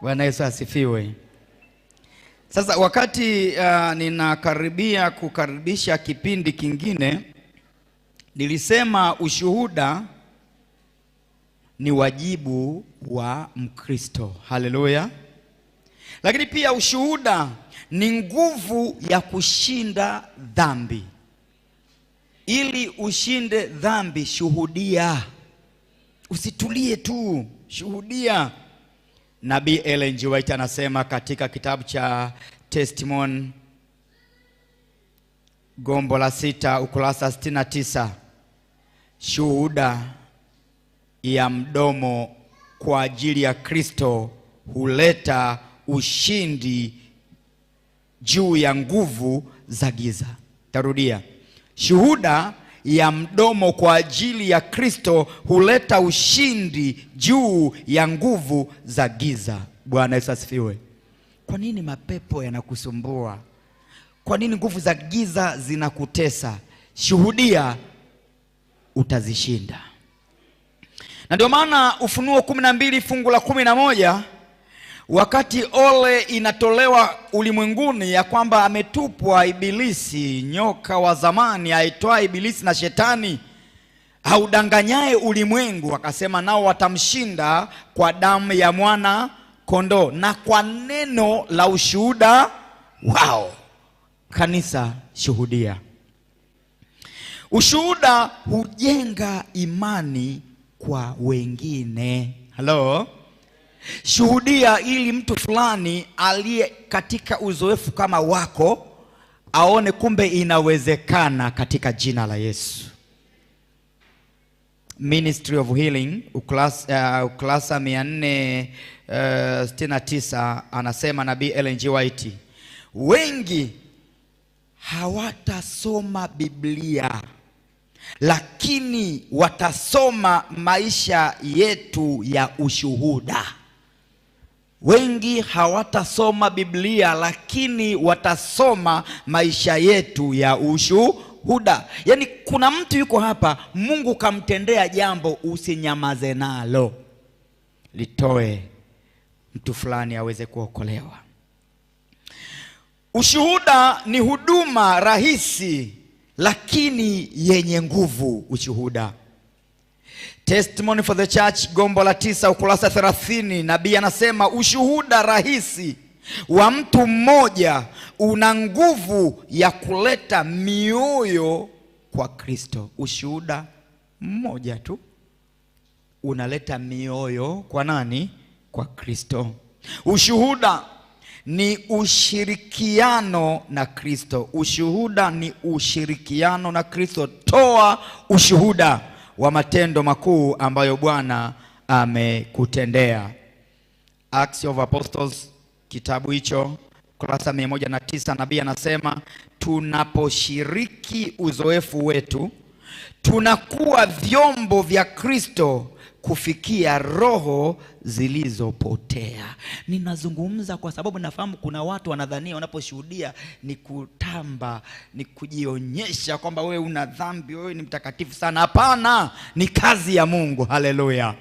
Bwana Yesu asifiwe. Sasa wakati uh, ninakaribia kukaribisha kipindi kingine, nilisema ushuhuda ni wajibu wa Mkristo. Haleluya! Lakini pia ushuhuda ni nguvu ya kushinda dhambi. Ili ushinde dhambi, shuhudia. Usitulie tu, shuhudia. Nabii Ellen G. White anasema katika kitabu cha Testimony gombo la sita ukurasa 69 shuhuda ya mdomo kwa ajili ya Kristo huleta ushindi juu ya nguvu za giza. Tarudia, shuhuda ya mdomo kwa ajili ya Kristo huleta ushindi juu ya nguvu za giza. Bwana Yesu asifiwe. Kwa nini mapepo yanakusumbua? Kwa nini nguvu za giza zinakutesa? Shuhudia utazishinda. Na ndio maana Ufunuo kumi na mbili fungu la kumi na moja Wakati ole inatolewa ulimwenguni ya kwamba ametupwa Ibilisi, nyoka wa zamani aitwaye Ibilisi na Shetani haudanganyaye ulimwengu, akasema nao watamshinda kwa damu ya mwana kondoo na kwa neno la ushuhuda wao. Kanisa, shuhudia. Ushuhuda hujenga imani kwa wengine. Halo. Shuhudia ili mtu fulani aliye katika uzoefu kama wako aone kumbe inawezekana katika jina la Yesu. Ministry of Healing ukurasa uh, ukurasa 469 uh, anasema nabii Ellen G. White, wengi hawatasoma Biblia lakini watasoma maisha yetu ya ushuhuda. Wengi hawatasoma Biblia lakini watasoma maisha yetu ya ushuhuda. Yaani kuna mtu yuko hapa, Mungu kamtendea jambo, usinyamaze nalo, litoe mtu fulani aweze kuokolewa. Ushuhuda ni huduma rahisi lakini yenye nguvu. Ushuhuda Testimony for the Church gombo la tisa ukurasa 30, nabii anasema ushuhuda rahisi wa mtu mmoja una nguvu ya kuleta mioyo kwa Kristo. Ushuhuda mmoja tu unaleta mioyo kwa nani? Kwa Kristo. Ushuhuda ni ushirikiano na Kristo. Ushuhuda ni ushirikiano na Kristo. Toa ushuhuda wa matendo makuu ambayo Bwana amekutendea. Acts of Apostles, kitabu hicho kurasa 109, nabii anasema tunaposhiriki uzoefu wetu tunakuwa vyombo vya Kristo kufikia roho zilizopotea. Ninazungumza kwa sababu nafahamu kuna watu wanadhania wanaposhuhudia ni kutamba, ni kujionyesha kwamba wewe una dhambi, wewe ni mtakatifu sana. Hapana, ni kazi ya Mungu. Haleluya!